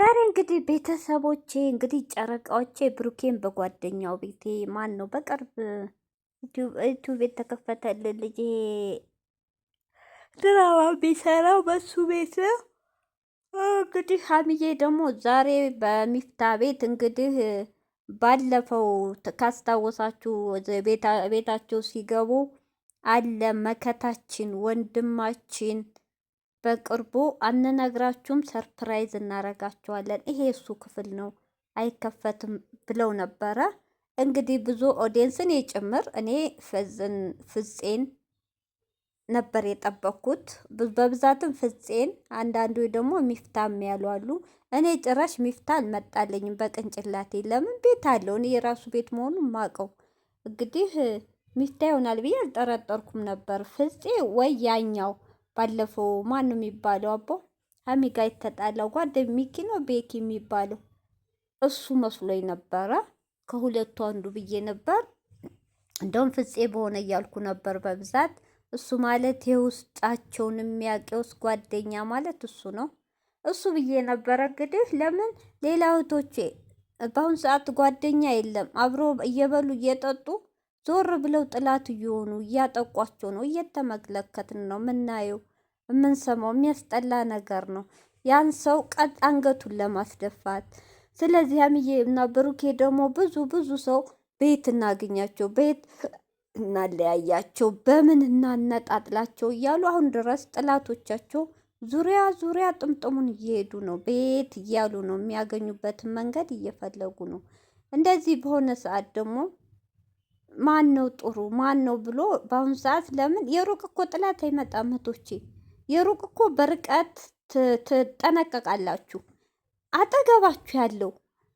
ዛሬ እንግዲህ ቤተሰቦቼ እንግዲህ ጨረቃዎቼ ብሩኬን በጓደኛው ቤቴ ማን ነው በቅርብ ዩቲዩብ የተከፈተልን ልጄ ድራማ ቢሰራው በሱ ቤት ነው። እንግዲህ ሀሚዬ ደግሞ ዛሬ በሚፍታ ቤት እንግዲህ ባለፈው ካስታወሳችሁ ቤታቸው ሲገቡ አለ መከታችን ወንድማችን በቅርቡ አንነግራችሁም ሰርፕራይዝ እናረጋችኋለን፣ ይሄ እሱ ክፍል ነው አይከፈትም ብለው ነበረ። እንግዲህ ብዙ ኦዲየንስን ጭምር እኔ ፍጼን ነበር የጠበኩት በብዛትም ፍፄን፣ አንዳንዱ ደግሞ ሚፍታም ያሉ አሉ። እኔ ጭራሽ ሚፍታ አልመጣለኝም በቅንጭላቴ። ለምን ቤት አለው እኔ የራሱ ቤት መሆኑን ማቀው። እንግዲህ ሚፍታ ይሆናል ብዬ አልጠረጠርኩም ነበር። ፍጼ ወይ ያኛው ባለፈው ማን ነው የሚባለው አቦ ሀሚ ጋር የተጣላው ጓደኛ ሚኪ ነው ቤኪ የሚባለው እሱ መስሎኝ ነበረ። ከሁለቱ አንዱ ብዬ ነበር። እንደውም ፍፄ በሆነ እያልኩ ነበር በብዛት እሱ ማለት የውስጣቸውን የሚያውቀውስ ጓደኛ ማለት እሱ ነው። እሱ ብዬ ነበረ እንግዲህ። ለምን ሌላ እህቶቼ በአሁን ሰዓት ጓደኛ የለም። አብሮ እየበሉ እየጠጡ ዞር ብለው ጥላት እየሆኑ እያጠቋቸው ነው። እየተመለከትን ነው የምናየው፣ የምንሰማው የሚያስጠላ ነገር ነው። ያን ሰው ቀጥ አንገቱን ለማስደፋት ስለዚህ ያምዬ እና ብሩኬ ደግሞ ብዙ ብዙ ሰው ቤት እናገኛቸው፣ ቤት እናለያያቸው፣ በምን እናነጣጥላቸው እያሉ አሁን ድረስ ጥላቶቻቸው ዙሪያ ዙሪያ ጥምጥሙን እየሄዱ ነው። ቤት እያሉ ነው፣ የሚያገኙበትን መንገድ እየፈለጉ ነው። እንደዚህ በሆነ ሰዓት ደግሞ ማን ነው ጥሩ ማን ነው ብሎ በአሁኑ ሰዓት ለምን የሩቅ እኮ ጥላት አይመጣም። እህቶቼ የሩቅ እኮ በርቀት ትጠነቀቃላችሁ። አጠገባችሁ ያለው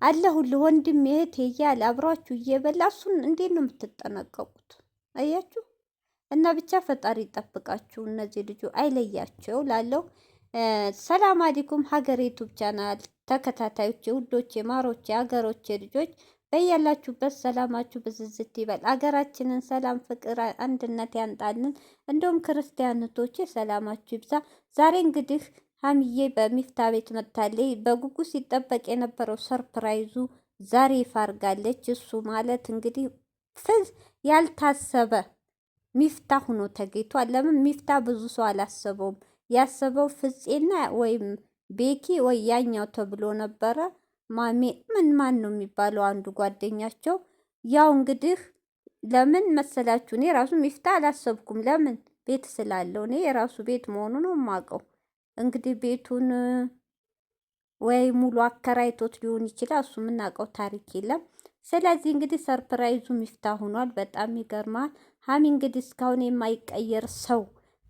አለሁልህ ወንድም እህት እያለ አብሯችሁ እየበላ እሱን እንዴት ነው የምትጠነቀቁት? አያችሁ እና ብቻ ፈጣሪ ይጠብቃችሁ፣ እነዚህ ልጁ አይለያቸው ላለው ሰላም አሊኩም ሀገሬ ዩቱብ ቻናል ተከታታዮቼ፣ ውዶቼ፣ ማሮቼ፣ ሀገሮቼ ልጆች በያላችሁበት ሰላማችሁ ብዝዝት ይበል። አገራችንን ሰላም፣ ፍቅር፣ አንድነት ያንጣልን። እንዲሁም ክርስቲያንቶች ሰላማችሁ ይብዛ። ዛሬ እንግዲህ ሀምዬ በሚፍታ ቤት መጥታለች። በጉጉ ሲጠበቅ የነበረው ሰርፕራይዙ ዛሬ ይፋርጋለች። እሱ ማለት እንግዲህ ፍዝ ያልታሰበ ሚፍታ ሁኖ ተገኝቷል። ለምን ሚፍታ ብዙ ሰው አላሰበውም። ያሰበው ፍጼና ወይም ቤኪ ወይ ያኛው ተብሎ ነበረ ማሜ ምን ማን ነው የሚባለው አንዱ ጓደኛቸው ያው እንግዲህ ለምን መሰላችሁ እኔ ራሱ ሚፍታ አላሰብኩም። ለምን ቤት ስላለው እኔ የራሱ ቤት መሆኑ ነው የማውቀው። እንግዲህ ቤቱን ወይ ሙሉ አከራይቶት ሊሆን ይችላል። እሱ የምናውቀው ታሪክ የለም። ስለዚህ እንግዲህ ሰርፕራይዙ ሚፍታ ሆኗል። በጣም ይገርማል። ሀሚ እንግዲህ እስካሁን የማይቀየር ሰው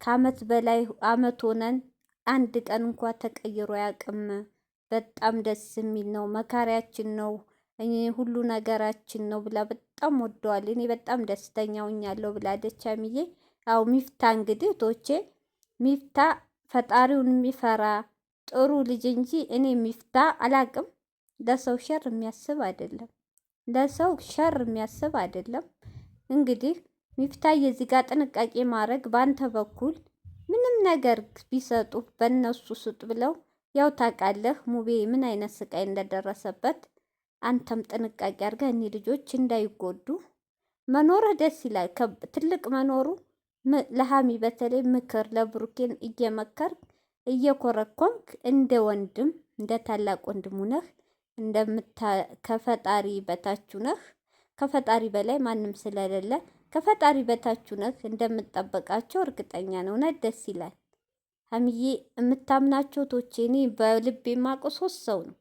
ከአመት በላይ አመት ሆነን አንድ ቀን እንኳ ተቀይሮ አያውቅም። በጣም ደስ የሚል ነው፣ መካሪያችን ነው፣ ሁሉ ነገራችን ነው ብላ በጣም ወደዋል። እኔ በጣም ደስተኛ ሆኛለሁ ብላለች ሀይሚዬ። አው ሚፍታ እንግዲህ ቶቼ ሚፍታ ፈጣሪውን የሚፈራ ጥሩ ልጅ እንጂ እኔ ሚፍታ አላቅም። ለሰው ሸር የሚያስብ አይደለም፣ ለሰው ሸር የሚያስብ አይደለም። እንግዲህ ሚፍታ የዚህ ጋር ጥንቃቄ ማድረግ በአንተ በኩል ምንም ነገር ቢሰጡ በእነሱ ስጥ ብለው ያው ታውቃለህ ሙቤ ምን አይነት ስቃይ እንደደረሰበት። አንተም ጥንቃቄ አድርገህ እኒ ልጆች እንዳይጎዱ መኖርህ ደስ ይላል። ትልቅ መኖሩ ለሀሚ በተለይ ምክር ለብሩኬን እየመከር እየኮረኮንክ እንደ ወንድም እንደ ታላቅ ወንድሙ ነህ። እንደምታ ከፈጣሪ በታችሁ ነህ። ከፈጣሪ በላይ ማንም ስለሌለ ከፈጣሪ በታችሁ ነህ። እንደምጠበቃቸው እርግጠኛ ነው። እውነት ደስ ይላል። ሀምዬ የምታምናቸው ቶቼ እኔ በልቤ የማውቀው ሶስት ሰው ነው፣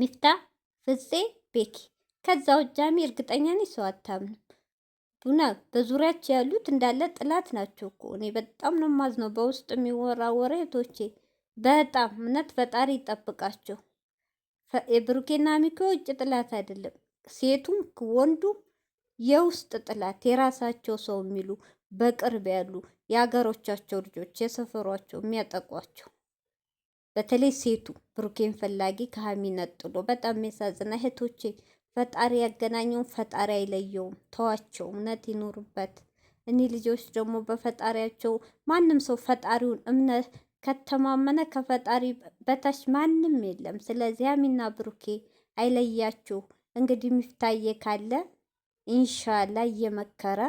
ሚፍታ፣ ፍፄ፣ ቤኪ። ከዛ ውጃሚ እርግጠኛ ነኝ ሰው አታምንም። ቡና በዙሪያች ያሉት እንዳለ ጥላት ናቸው እኮ። እኔ በጣም ነው የማዝነው በውስጥ የሚወራ ወሬ ቶቼ በጣም እምነት ፈጣሪ ይጠብቃቸው። የብሩኬና ሚኮ ውጭ ጥላት አይደለም፣ ሴቱም ወንዱም የውስጥ ጥላት የራሳቸው ሰው የሚሉ በቅርብ ያሉ የአገሮቻቸው ልጆች የሰፈሯቸው የሚያጠቋቸው በተለይ ሴቱ ብሩኬን ፈላጊ ከሀሚ ነጥሎ በጣም ያሳዝና። እህቶቼ ፈጣሪ ያገናኘውን ፈጣሪ አይለየውም። ተዋቸው፣ እምነት ይኑርበት። እኒህ ልጆች ደግሞ በፈጣሪያቸው ማንም ሰው ፈጣሪውን እምነት ከተማመነ ከፈጣሪ በታች ማንም የለም። ስለዚህ ሀሚና ብሩኬ አይለያችሁ። እንግዲህ ሚፍታዬ ካለ ኢንሻላ እየመከረ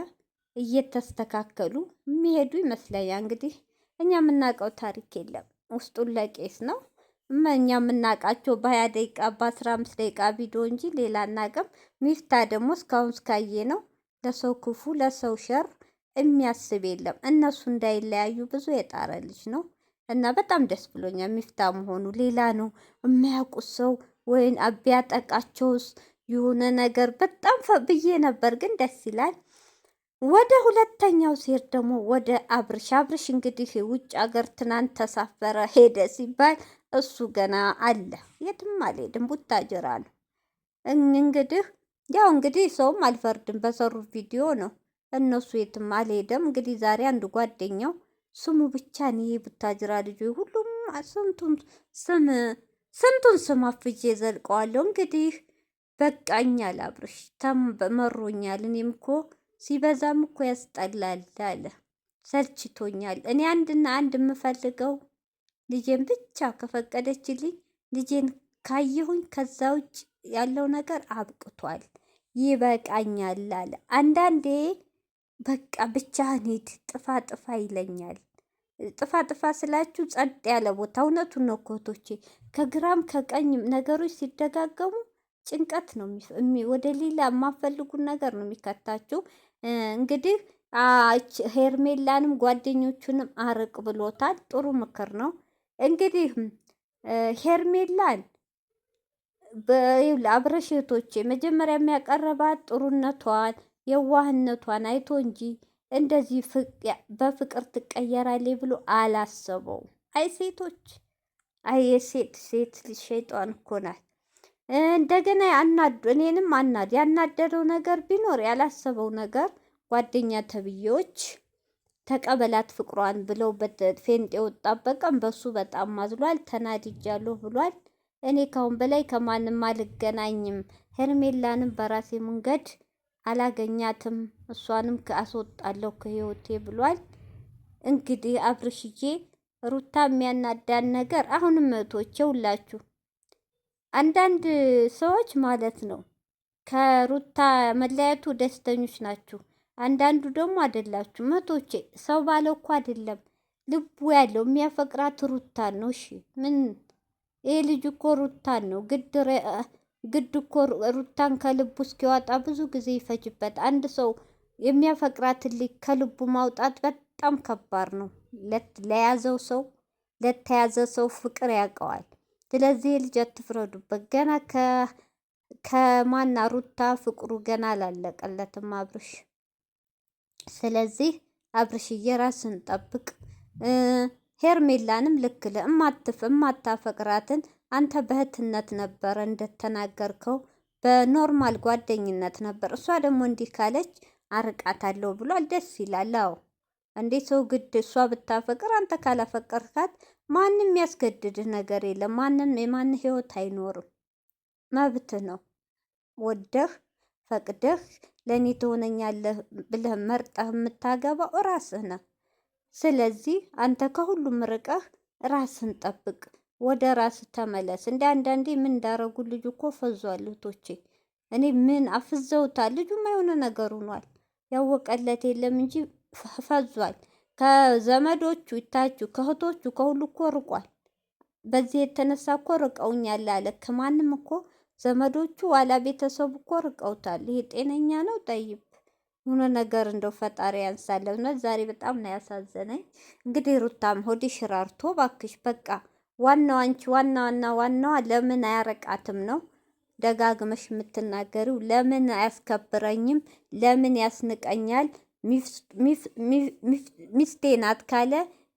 እየተስተካከሉ የሚሄዱ ይመስለኛል። እንግዲህ እኛ የምናውቀው ታሪክ የለም፣ ውስጡን ለቄስ ነው። እኛ የምናውቃቸው በሀያ ደቂቃ በአስራ አምስት ደቂቃ ቪዲዮ እንጂ ሌላ አናውቅም። ሚፍታ ደግሞ እስካሁን እስካየ ነው ለሰው ክፉ ለሰው ሸር የሚያስብ የለም። እነሱ እንዳይለያዩ ብዙ የጣረ ልጅ ነው እና በጣም ደስ ብሎኛል። ሚፍታ መሆኑ ሌላ ነው የማያውቁት ሰው ወይን አቢያጠቃቸውስ የሆነ ነገር በጣም ብዬ ነበር፣ ግን ደስ ይላል። ወደ ሁለተኛው ሴር ደግሞ ወደ አብርሽ አብርሽ እንግዲህ ውጭ ሀገር ትናንት ተሳፈረ ሄደ ሲባል እሱ ገና አለ የትም አልሄድም ቡታጀራ ነው። እንግዲህ ያው እንግዲህ ሰውም አልፈርድም በሰሩ ቪዲዮ ነው እነሱ የትም አልሄደም። እንግዲህ ዛሬ አንድ ጓደኛው ስሙ ብቻ እኔ ቡታጀራ ልጁ ሁሉም ስንቱን ስም ስንቱን ስም አፍጄ ዘልቀዋለሁ። እንግዲህ በቃኛል አብርሽ ተም መሮኛል እኔም እኮ ሲበዛም እኮ ያስጠላል አለ። ሰልችቶኛል። እኔ አንድና አንድ የምፈልገው ልጄን ብቻ ከፈቀደችልኝ ልጄን ካየሁኝ ከዛ ውጭ ያለው ነገር አብቅቷል፣ ይበቃኛል አለ። አንዳንዴ በቃ ብቻ ሂድ ጥፋ ጥፋ ይለኛል። ጥፋ ጥፋ ስላችሁ ጸጥ ያለ ቦታ። እውነቱን ነው ከግራም ከቀኝ ነገሮች ሲደጋገሙ ጭንቀት ነው ወደ ሌላ የማፈልጉን ነገር ነው የሚከታችሁ። እንግዲህ ሄርሜላንም ጓደኞቹንም አርቅ ብሎታል። ጥሩ ምክር ነው። እንግዲህ ሄርሜላን አብረሽ እህቶቼ መጀመሪያ የሚያቀረባት ጥሩነቷን የዋህነቷን አይቶ እንጂ እንደዚህ በፍቅር ትቀየራለች ብሎ አላሰበው አይ ሴቶች፣ አይ የሴት ሴት ሸይጧን እኮ ናት። እንደገና ያናድ እኔንም አናድ ያናደደው ነገር ቢኖር ያላሰበው ነገር ጓደኛ ተብዬዎች ተቀበላት ፍቅሯን ብለው ፌንጤ የወጣበት ቀን በሱ በጣም አዝሏል፣ ተናድጃለሁ ብሏል። እኔ ካሁን በላይ ከማንም አልገናኝም፣ ሄርሜላንም በራሴ መንገድ አላገኛትም፣ እሷንም አስወጣለሁ ከህይወቴ ብሏል። እንግዲህ አብርሽዬ ሩታ የሚያናዳን ነገር አሁንም እህቶቼ ሁላችሁ አንዳንድ ሰዎች ማለት ነው ከሩታ መለያየቱ ደስተኞች ናችሁ፣ አንዳንዱ ደግሞ አይደላችሁ። መቶቼ ሰው ባለው እኮ አይደለም ልቡ ያለው የሚያፈቅራት ሩታን ነው። እሺ ምን ይህ ልጅ እኮ ሩታን ነው ግድ እኮ ሩታን ከልቡ እስኪዋጣ ብዙ ጊዜ ይፈጅበት። አንድ ሰው የሚያፈቅራት ልጅ ከልቡ ማውጣት በጣም ከባድ ነው። ለያዘው ሰው ለተያዘ ሰው ፍቅር ያውቀዋል። ስለዚህ ልጅ አትፍረዱበት። ገና ከማና ሩታ ፍቅሩ ገና አላለቀለትም አብርሽ። ስለዚህ አብርሽ የራስን ጠብቅ። ሄርሜላንም ልክል እማትፍ እማታፈቅራትን አንተ በእህትነት ነበረ እንደተናገርከው በኖርማል ጓደኝነት ነበር። እሷ ደግሞ እንዲህ ካለች አርቃታለሁ ብሏል። ደስ ይላል። አዎ እንዴት ሰው ግድ እሷ ብታፈቅር አንተ ካላፈቀርካት ማንም ያስገድድህ ነገር የለም። ማንም የማን ህይወት አይኖርም። መብት ነው። ወደህ ፈቅደህ ለእኔ ትሆነኛለህ ብለህ መርጠህ የምታገባው ራስህ ነህ። ስለዚህ አንተ ከሁሉም ርቀህ ራስን ጠብቅ፣ ወደ ራስ ተመለስ። እንደ አንዳንዴ ምን እንዳረጉ ልጁ እኮ ፈዟል እህቶቼ። እኔ ምን አፍዘውታል ልጁማ የሆነ ነገር ሆኗል። ያወቀለት የለም እንጂ ፈዟል። ከዘመዶቹ ይታችሁ፣ ከእህቶቹ ከሁሉ እኮ ርቋል። በዚህ የተነሳ እኮ ርቀውኛል አለ። ከማንም እኮ ዘመዶቹ ዋላ ቤተሰቡ እኮ ርቀውታል። ይሄ ጤነኛ ነው? ጠይብ ሆነ ነገር እንደው ፈጣሪ ያንሳል። እውነት ዛሬ በጣም ነው ያሳዘነኝ። እንግዲህ ሩታም ሆዲ ሽራርቶ ባክሽ በቃ ዋናው አንቺ ዋና ዋና ዋናዋ ለምን አያረቃትም ነው ደጋግመሽ የምትናገሪው። ለምን አያስከብረኝም? ለምን ያስንቀኛል? ሚስቴ ናት ካለ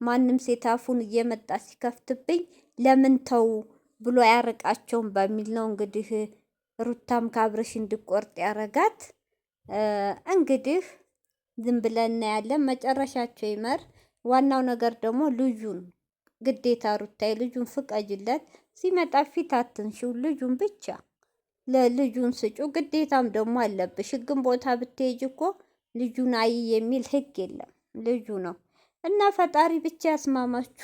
ማንም ሴት አፉን እየመጣ ሲከፍትብኝ ለምን ተው ብሎ አያርቃቸውም በሚል ነው እንግዲህ ሩታም ካብረሽ እንድቆርጥ ያረጋት። እንግዲህ ዝም ብለን እናያለን፣ መጨረሻቸው ይመር። ዋናው ነገር ደግሞ ልጁን ግዴታ ሩታዬ ልጁን ፍቀጅለት። ሲመጣ ፊት አትንሽው፣ ልጁን ብቻ ለልጁን ስጩ። ግዴታም ደግሞ አለብሽ። ህግም ቦታ ብትሄጅ እኮ ልጁን አይ የሚል ህግ የለም። ልጁ ነው እና ፈጣሪ ብቻ ያስማማችሁ።